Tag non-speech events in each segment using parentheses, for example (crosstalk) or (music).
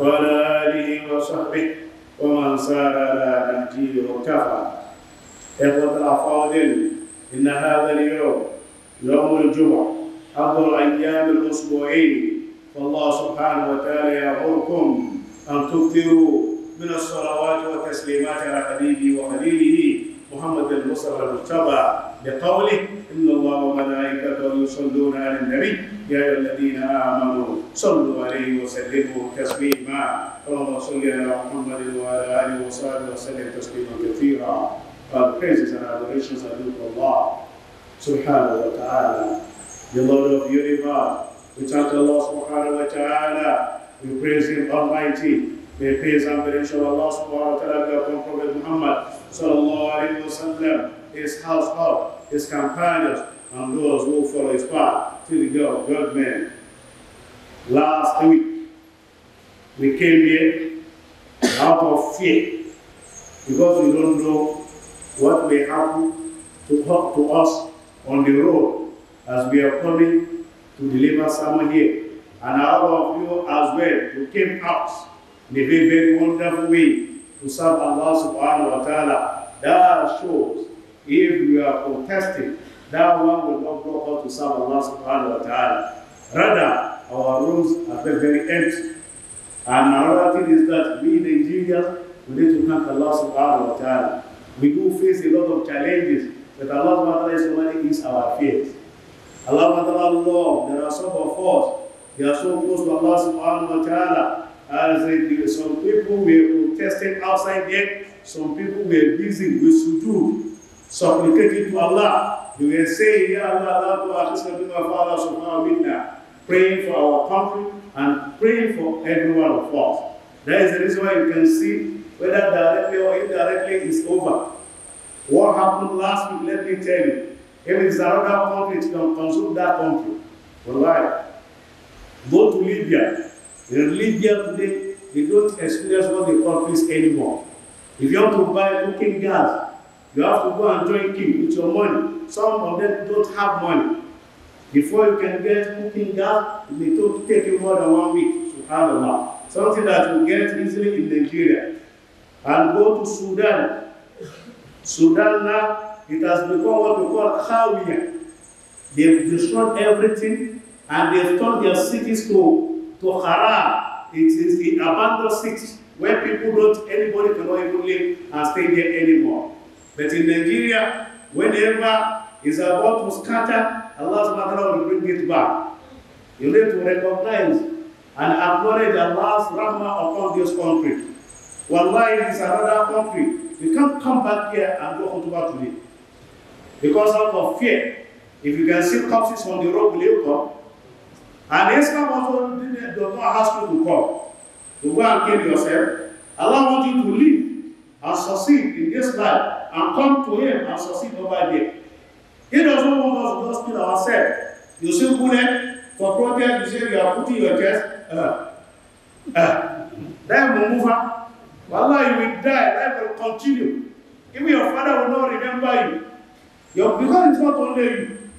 وعلى آله وصحبه ومن سار على نهجه وكفى إخوة الأفاضل إن هذا اليوم يوم الجمعة أفضل أيام الأسبوعين والله سبحانه وتعالى يأمركم أن تكثروا من الصلوات والتسليمات على حبيبه وخليله محمد المصطفى المجتبى لقوله إن الله وملائكته يصلون على النبي يا أيها الذين آمنوا صلوا عليه وسلموا تسليما اللهم صل على محمد وعلى آله وصحبه وسلم تسليما كثيرا God praises and adorations are due to Allah subhanahu wa ta'ala, the Lord of the universe. We thank Allah subhanahu wa ta'ala. We praise Him Almighty May peace and benediction of Allah subhanahu wa ta'ala be upon Prophet Muhammad sallallahu alayhi wa sallam, his household, his companions, and those who follow his path to the God of God man. Last week, we came here out of fear because we don't know what may happen to, to us on the road as we are coming to deliver someone here. And all of you as well, who came out in a very, very wonderful way to serve Allah subhanahu wa ta'ala. That shows if we are contesting, that one will not go out to serve Allah subhanahu wa ta'ala. Rather, our rooms are very, very empty. And another thing is that we Nigerians, we need to thank Allah subhanahu wa ta'ala. We do face a lot of challenges, but Allah subhanahu wa ta'ala is our faith. Allah subhanahu wa ta'ala, there are some of us, they are so close to Allah subhanahu wa ta'ala, as uh, some people were protesting outside there, some people were busy with sujood, supplicating to Allah. They were saying, Ya Allah, Allah, Allah, subhanahu wa Taala, praying for our country and praying for everyone of us. That is the reason why you can see whether directly or indirectly is over. What happened last week, let me tell you. If it is another country, it can consume that country. Why? Go to Libya. Libya today, they don't experience what they call peace anymore. If you want to buy cooking gas, you have to go and join keep with your money. Some of them don't have money. Before you can get cooking gas, it may take you more than one week to have a lot. Something that you get easily in Nigeria. And go to Sudan. Sudan now, it has become what we call Khawiyah. They've destroyed everything and they've turned their cities to to Haran. It is the abandoned city where people don't, anybody cannot even live and stay there anymore. But in Nigeria, whenever it's about to scatter, Allah subhanahu will bring it back. You need to recognize and acknowledge Allah's rahmah upon this country. Wallahi, it is another country. You can't come back here and go to work today. Because out of fear, if you can see corpses on the road, will you come? And Islam also does not ask you to come, to go and kill yourself. Allah wants you to live and succeed in this life and come to Him and succeed over there. He doesn't want us to just kill ourselves. You see bullet for protest, you say you are putting your chest. Uh, uh, then we move on. Wallah, you will die. Life will continue. Even your father will not remember you. Your, because it's not only you.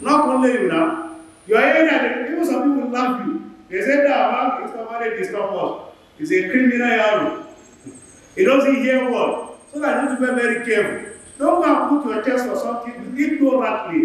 Not only you now. Your area, even some people laugh you. They say that man is normally discomfort. He's a criminal yaro. He doesn't hear word. So that you need to be very careful. Don't go and put your chest for something rapidly,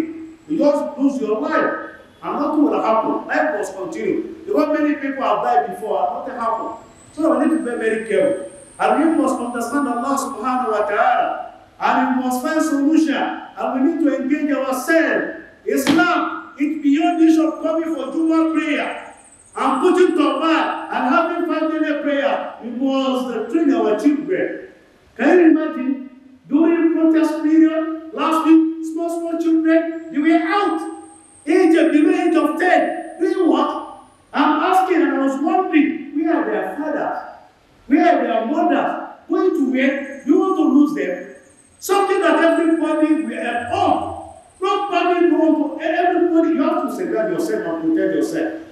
You just lose your life. And nothing will happen. Life must continue. Because many people have died before and nothing happened. So we need to be very careful. And we must understand Allah subhanahu wa ta'ala. And we must find solution. And we need to engage ourselves. Islam it beyond issue of coming for Juma prayer and putting to mind and having family prayer. It was the train our children. Can you imagine? During protest period, last week, small, small children, they were out. Age below age of ten, Doing what? I'm asking and I was wondering, where are their fathers? Where are their mothers? Going to where? Do you want to lose them? Something that everybody will on Nobody knows, e- everybody, you have to safeguard yourself and protect yourself.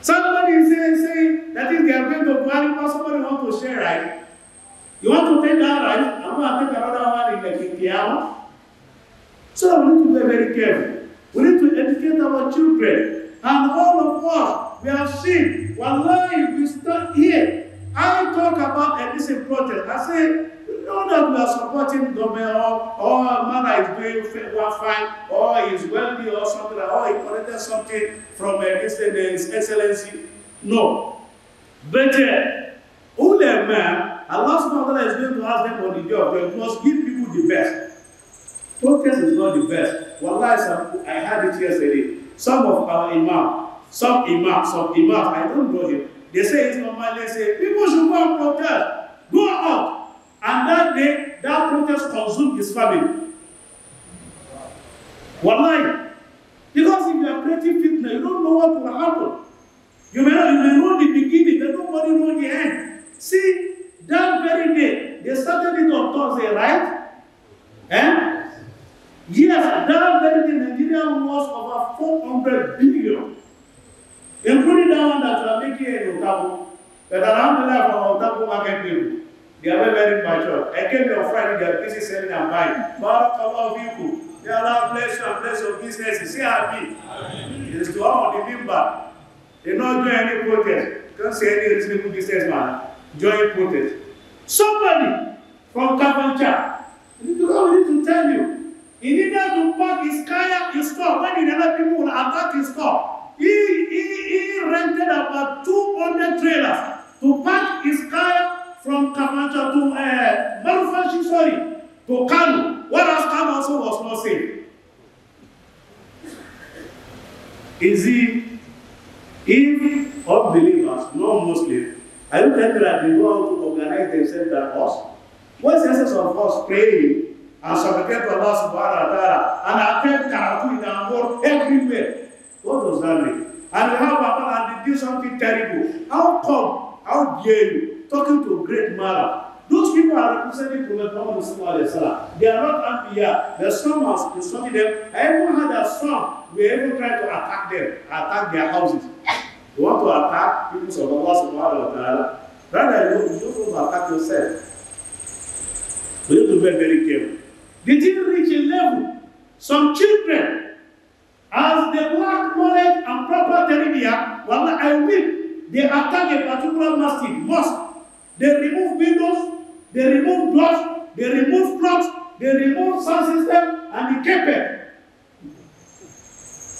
Somebody is saying, saying that if they are going to marry, somebody wants to share, right? You want to take that right? I'm going to take another one in the Kikiyama. So we need to be very careful. We need to educate our children. And all of us, we have seen, Wallahi, we start here. I talk about a illicit protest. I say, You know that we are supporting government or, or a man is doing one fine or is wealthy or something or he collected something from uh, his, uh, his excellency. No. Better. Only a man, Allah subhanahu wa ta'ala is going to ask them on the job. They must give people the best. Protest is not the best. Wallahi, I had it yesterday. Some of our imam, some imams, some imam, I don't know him. They say it's normal. They say, people should go and protest. Go out. And that day, that protest consumed his family. Wallahi. Because if you are creating fitna, you don't know what will happen. You may not you may know the beginning, but nobody know the end. See, that very day, they started it on Thursday, right? Eh? Yes, that very day, Nigeria lost over 400 billion, including that one that we are making in Otago, that around the level of Otago market people. They are not very mature. I came friend, Friday, their busy selling and buying. Barakallahu fikum. May Allah bless you and bless your businesses. Say happy. It is to all the member. They not join any protest. Don't say any reasonable man Join protest. Somebody from Kavancha, I need to tell you, he needed to park his car, his store, when he never people will attack his store. He, he, he rented about 200 trailers to park his car from Kamacha to uh, eh, Marufashi, sorry, to Kano, whereas Kano also was not safe. Is he, if all believers, non Muslim, are you telling that they go out to organize themselves than us? What's the essence of us praying and supplicate to Allah subhanahu wa ta'ala and attend Karatu in our world everywhere? What does that mean? And how about and did do something terrible? How come? How dare you? talking to a great matter. Those people are representing Prophet Muhammad Sallallahu They are not Anbiya. The storm has insulted them. Everyone had a storm. We even try to attack them, attack their houses. You want to attack people of Allah Subhanahu wa Ta'ala. Rather, you, you don't attack yourself. We need to be very, very careful. They didn't reach a level. Some children, as they lack knowledge and proper teribia, well, I weep. They attack a particular masjid, mosque, They remove windows, they remove doors, they remove clocks, they remove sound system and the carpet.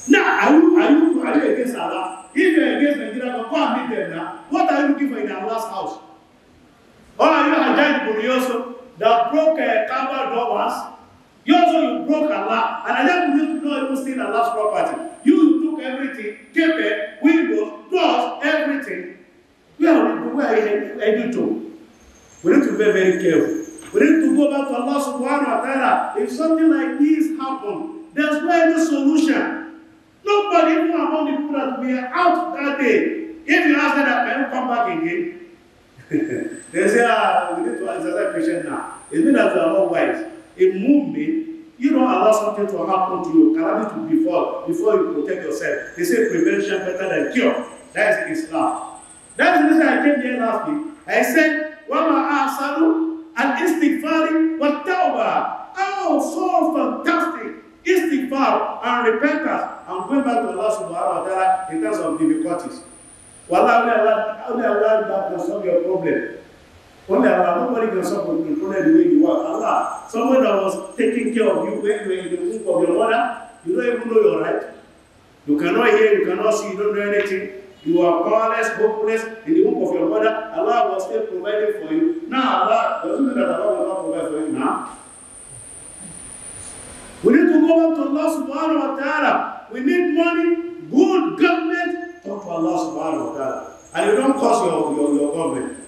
Now, are you, are you, are you against Allah? If you're against Nigeria, go and meet them now. What are you looking for in Allah's house? Or oh, are you Hajjaj Burioso that broke uh, Kaaba door once? You also you broke Allah, and I Hajjaj Burioso did know even steal Allah's property. You took everything, kept it, windows, doors, everything. We need to be very, very careful. We need to go back to Allah subhanahu wa ta'ala. If something like this happens, there's no any solution. Nobody, even among the people that were out that day, if you ask them that, can you come back again? (laughs) they say, ah, we need to answer that question now. It means that you are not wise. A movement you don't allow something to happen to you, calamity to befall before you protect yourself. They say prevention better than cure. That is Islam. That is the reason I came here last week. I said, Wama asalu al istighfari wa tawbah. Oh, so fantastic. Istighfar and repentance and going back to Allah subhanahu wa ta'ala in terms of difficulties. Wallah, only Allah, only Allah can solve your problem. Only Allah, nobody can solve your problem the way you want. Allah, someone that was taking care of you when you were in the womb of your mother, you don't even know your right. You cannot hear, you cannot see, you don't know anything. You are powerless, hopeless in the womb of your mother. Allah was still providing for you. Now Allah doesn't mean that Allah will not provide for you now. We need to go up to Allah subhanahu wa ta'ala. We need money, good government. Talk to Allah subhanahu wa ta'ala. And you don't curse your, your, your government.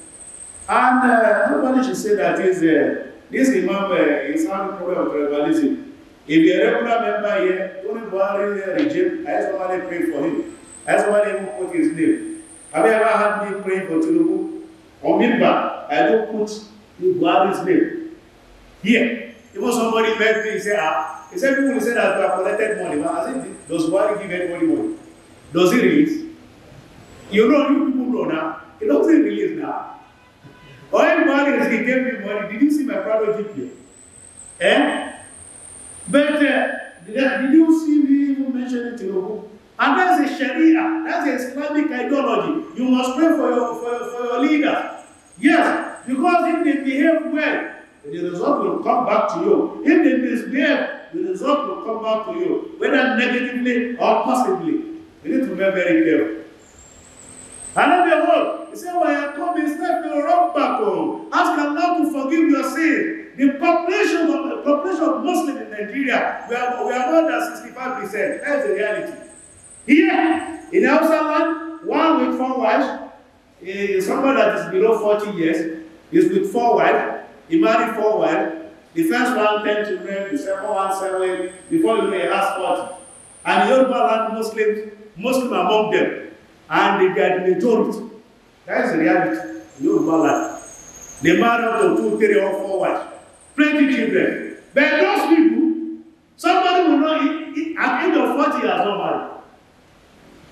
And uh, nobody should say that is uh, this Imam uh, is having problem with tribalism. If you're a regular member here, don't worry, uh, regime. I just want to pray for him. That's why they even put his name. Have you ever heard me praying for Tinubu? On Mimba, I don't put Buhari's name. Here. Even somebody met me, he said, ah, he said, people say that you have collected money. But I it does Buhari give anybody money? Does he release? You know, you people know now. He doesn't release now. All Buhari is, he gave me money. Did you see my brother GPA? Eh? But uh, did, I, did you see me even mentioning Tinubu? And that's a Sharia, that's an Islamic ideology. You must pray for your, for, your, for your leader. Yes, because if they behave well, the result will come back to you. If they misbehave, the result will come back to you, whether negatively or positively. You need to be very careful. the whole, he said, When you come instead back home. ask Allah to forgive your sin. The population of, the population of Muslims in Nigeria, we are, we are more than 65%. That's the reality. Here, in Hausa land, one with four wives, is eh, somebody that is below 40 years, is with four wives, he married four wives, the first one 10 children, the second one seven, before you may ask 40. And the Yoruba land Muslims, Muslim among them, and they are the majority. That is the reality in Yoruba land. They married up to two, three, or four wives, plenty children. But those people, somebody will not, at the age of 40 years not married.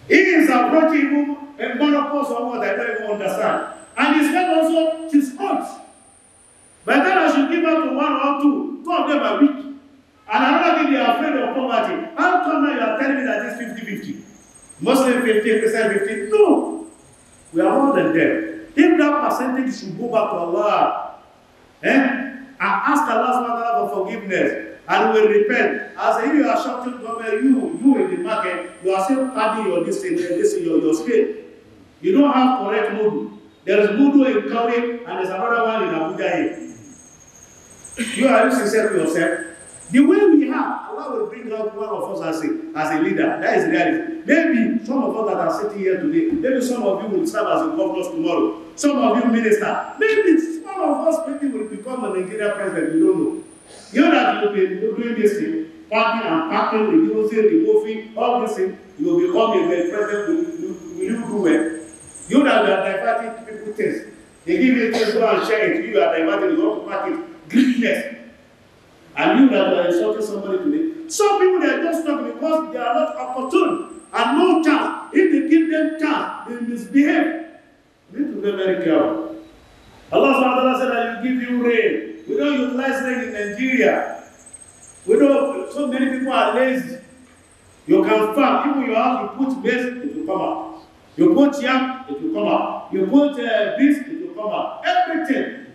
He is approaching you and menopause or what I don't even understand. And his head also, she's hot. By then, I should give up to one or two, two of them are weak. And another thing, they are afraid of poverty. How come now you are telling me that it's 50 50? Muslim 50, percent 50? No! We are more than them. If that percentage should go back to Allah, eh? and ask Allah for forgiveness, and will repent, as if you are shouting to me, you, you market, you are still adding your this thing, this your, your scale. You don't have correct mudu. There is mudu in Kauri and there's another one in Abuja here. You are using self to yourself. The way we have, Allah will bring out one of us as a, as a leader. That is reality. Maybe some of us that are sitting here today, maybe some of you will serve as a governor tomorrow. Some of you minister. Maybe some of us maybe will become a Nigerian president. You don't know. You know that doing this thing. Packing and packing reducing removing all this things you will become a very present will you do well you na you are diverting people things they give you things go and share it you are diverting you want to pack it greediness and you na you are insulting somebody today some people they are just talk because they are not opportune and no chance if they give them chance they misbehave you need to be very careful Allah subhanahu wa taala said, "I will give you rain we don utilize rain in Nigeria we don't so many people are lazy. You can farm, even your house, you put maize, it will come out. You put yam, it will come out. You put uh, beans, it will come out. Everything,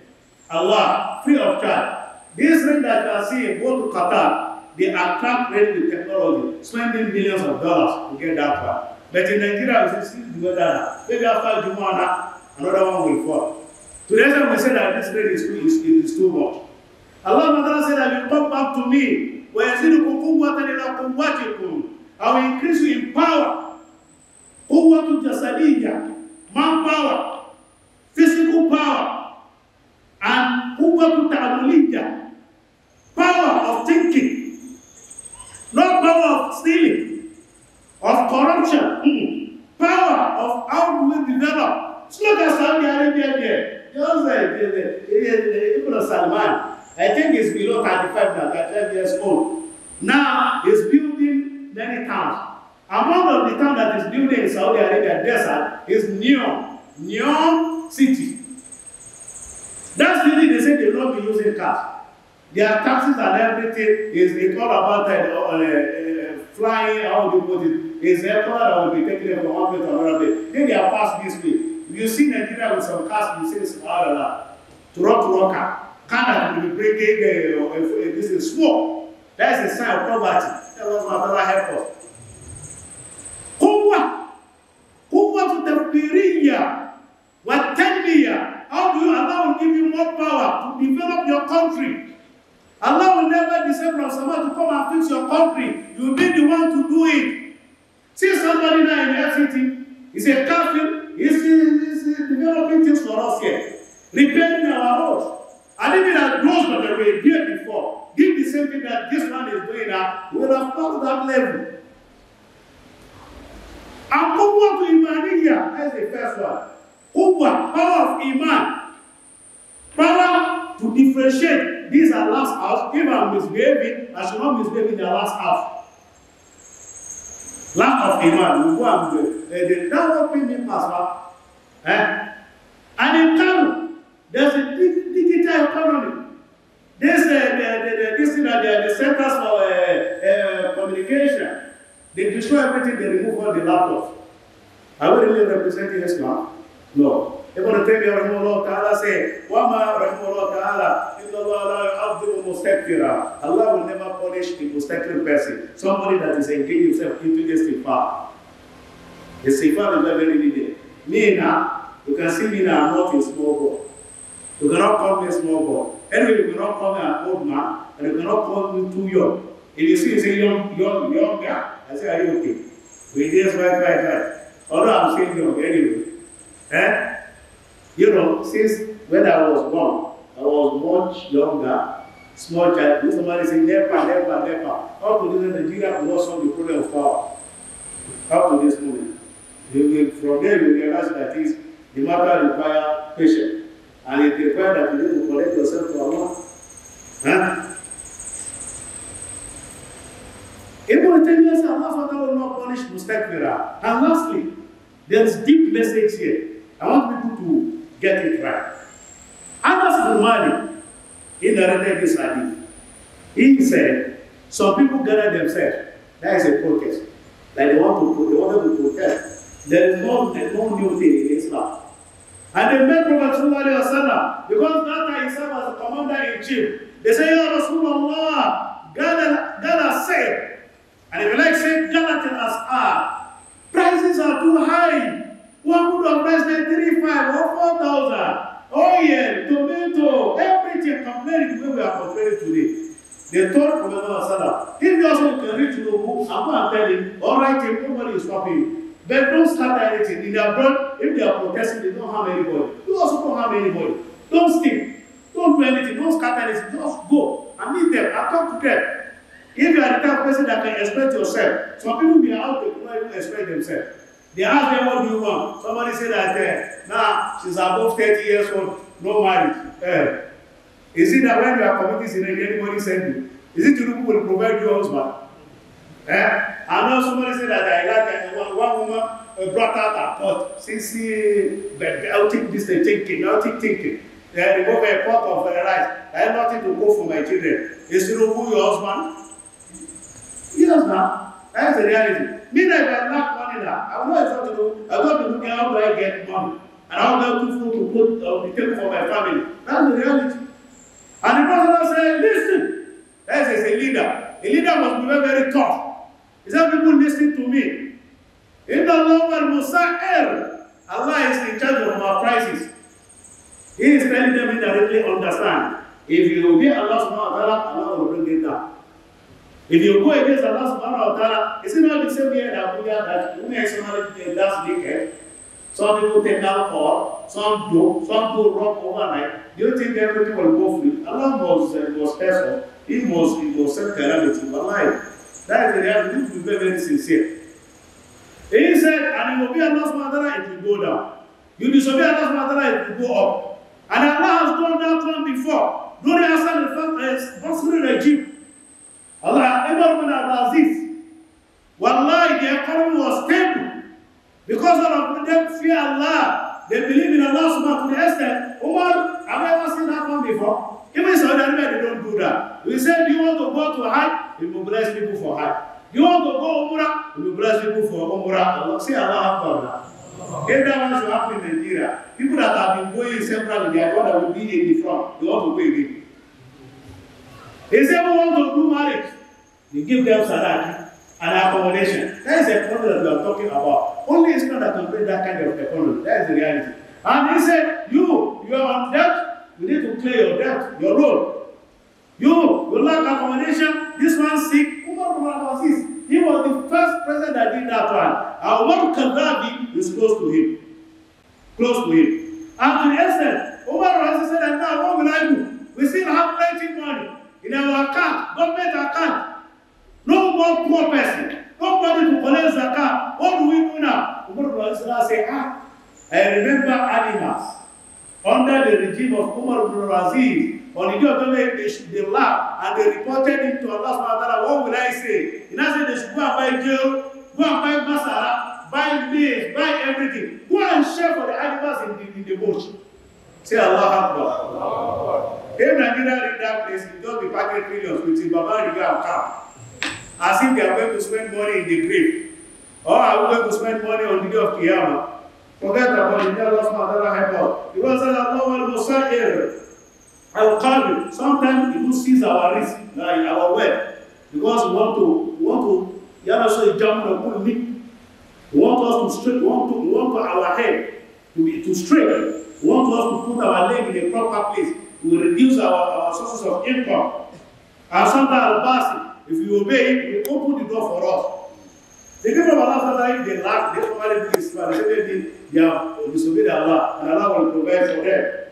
Allah, free of charge. This thing that you are seeing, go to Qatar, they are crack ready with technology, spending millions of dollars to get that one. But in Nigeria, we still do that. Maybe after Jumana, another one will fall. Today, we say that this rate is, is, is too much. Allah said that you come back to me wayazidukum quwwatan ila quwwatikum, au increase in power, quwwatu jasadiyya, manpower, physical power, and quwwatu ta'amuliyya, power of thinking, not power of stealing, of corruption, power of how to develop. It's not Saudi Arabia there. Just like Ibn Salman. I think he's below 35 now, 35 years old. Now he's building many towns. Among of the town that is building in Saudi Arabia desert is Neom, Neom city. That's really they say they will not be using cars. Their taxes and everything is it's all about uh, uh, uh, flying, how do you put it? It's airport that will be taken from one place to another place. Then they are passed this way. You see Nigeria with some cars, you say it's all around. Truck worker. Canada will be breaking, uh, uh, uh, this is war. That is a sign of poverty. That was my brother help us. Kuwa, kuwa to What wa tanbiya. How do you allow will give you more power to develop your country? Allah will never descend from someone to come and fix your country. You will be the one to do it. See somebody now in the city, he's a kafir, he's, he's developing things for us here, repairing our roads. And even as those that were here before did the same thing that this man is doing now, we would have passed that level. And Kubwa to Imaniya, that's the first one. Kubwa, power of Iman. Power to differentiate. these are last house. If I'm misbehaving, I should not misbehave in the last house. Lack of Iman. We go and the the That will be me, Pastor. Eh? And in Kanu, There's a digital economy. This, uh, the, the, the, this thing uh, the, the centers for uh, uh, communication, they destroy everything, they remove all the laptops. Are we really representing Islam? No. Ibn Taymiyyah rahimahullah ta'ala say, وَمَا rahimahullah ta'ala, إِنَّ اللَّهَ لَا يُعَذِّبُ مُسْتَكْبِرًا Allah Allah will never punish the mustakbir person, somebody that is engaging himself into this The Istighfar is very needed. Me now, you can see me now, I'm not in small world." You cannot call me a small boy. Anyway, you cannot call me an old man, and you cannot call me too young. If you see you say young, young, young guy, I say, are you okay? We just right, right, right. Although I'm saying young anyway. Eh? You know, since when I was born, I was much younger, small child. Somebody say, never, never, never. How to this Nigeria will not solve the problem of power. How to this moment. From there, you realize that is the matter requires patience. Are you prepared at least to collect yourself to Allah? Huh? Ibn Taymiyyah says Allah will not punish mustakbira. And lastly, there is deep message here. I want people to get it right. Anas bin Malik, he narrated this hadith. He said, some people gather themselves. That is a protest. Like they want to, they wanted to protest. There is no, no new thing in Islam. And they met Prophet Sallallahu because that time he served as the commander-in-chief. They say, Ya Rasulullah, God has said. And if you like said, Jonathan as are. Prices are too high. One would have priced three, five, or four thousand. Oil, oh, tomato, everything compared to where we are compared today. They told Prophet Muhammad Alaihi Wasallam, if you also can reach the book, I'm going to tell him, all right, nobody is stopping you. But don't start anything. In their brand, if they are protesting, they don't harm anybody. You also don't harm anybody. Don't steal. Don't do anything. Don't start anything. Just go I meet them I talk to them. If you are the type of person that can express yourself, some people be out there not even express themselves. They ask them what do you want. Somebody say that eh, now she's above 30 years old, no marriage. Eh. Is it that when you are committing sin, anybody send you? Is it to do people will provide your husband? Eh? And now somebody said that I like uh, one, one woman brought out a pot. See, see, belting this thing, thinking, naughty thinking. They remove a pot of uh, rice. I have nothing to cook for my children. you know who your husband? Yes, now. That's the reality. Me, that if I lack money now, I will not to do. I want to look how do I get money. And how do I cook food to put uh, take for my family. That's the reality. And the president said, listen, that is a leader. A leader must be very, very tough. Is that people listening to me? In the long run, Allah is in charge of our prices. He is telling them indirectly understand. If you obey Allah subhanahu wa ta'ala, Allah will bring it down. If you go against Allah subhanahu wa ta'ala, is it not the same here in Abuja that women somebody did last weekend? Some people take alcohol, some do, some do rock overnight. Do you think everything will go free? Allah was, uh, was special. He was, he was sent calamity in life. That is the reality. This is very, very sincere. He said, and it will be Allah's mother, it will go down. You disobey Allah's mother, it will go up. And Allah has done that one before. During Hassan al-Basri regime, Allah, Umar bin Abdul Aziz, Wallahi, the economy was stable. Because all of them fear Allah. They believe in Allah To the extent, Umar, have I ever seen that one before? Even Saudi Arabia, they don't do that. We said, you want to go to Hajj? He will bless people for Hajj. You want to go Umrah? He will bless people for Umrah. Allah, say Allah Akbar. If that one should happen in Nigeria, people that have been going several years, God will be in the front. You want to go again. They say, we want to do marriage. They give them salary and accommodation. That is the problem that we are talking about. Only Islam that can bring that kind of economy. That is the reality. And he said, you, you are on debt. You need to clear your debt, your role. You, lack accommodation. This one sick. Umar was his. He was the first president that did that one. And one Gaddafi is close to him. Close to him. And in essence, Umar Razi said that now what will I do? We still have plenty money in our account, government account. No more poor person. Nobody to collect zakat. What do we do now? Umar Razi said, ah, I remember animals. Under the regime of Umar Razi, On the day of judgment, they, should, they laugh and they reported it to Allah subhanahu wa ta'ala. What will I say? He now said they should go and buy jail, go and buy masara, buy maize, buy everything. Go and share for the animals in the, in the bush. Say Allah Akbar. Allah Akbar. If Nigeria in that place, it just be packing trillions with Baba Riga and cow, As if they are going to spend money in the grave. Or oh, are we going to spend money on the day of Qiyamah? Forget about the day Allah subhanahu wa ta'ala help out. He was said, Allah will musair Al-Qalbi, sometimes even sees our risk, like our wealth, because we want to, we want to, Ya Rasul, jump on the We want us to straight, we want, to, we want to our head to be to straight. We want us to put our leg in a proper place. We reduce our, our sources of income. Our Santa Al-Basi, if you obey, he will open the door for us. The people of Allah, they lack, they don't do this, but they, they have disobeyed Allah, and Allah will provide for them.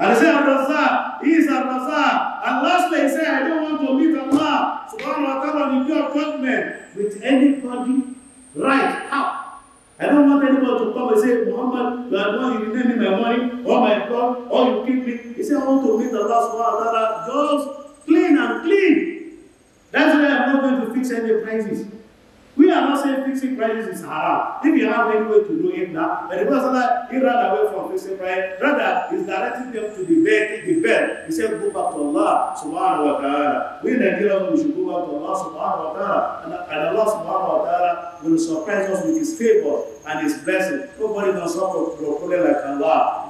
And I say, Al-Razzaq, he is Al-Razzaq. And lastly, he said, I don't want to meet Allah, subhanahu wa ta'ala, in your judgment with anybody right How? I don't want anybody to come and say, Muhammad, you are going to giving me my money, or oh my God, or oh, you keep me. He said, I want to meet Allah subhanahu wa ta'ala, just clean and clean. That's why I'm not going to fix any prices we are not saying fixing prices is haram. If you have any way to do it now, but the Prophet he ran away from fixing prices. Rather, he's directing them to the bed, the bed. He said, go back to Allah subhanahu wa ta'ala. We Nigerians, we should go back to Allah subhanahu wa ta'ala. And, and Allah subhanahu wa ta'ala will surprise us with his favor and his blessing. Nobody can suffer from like Allah.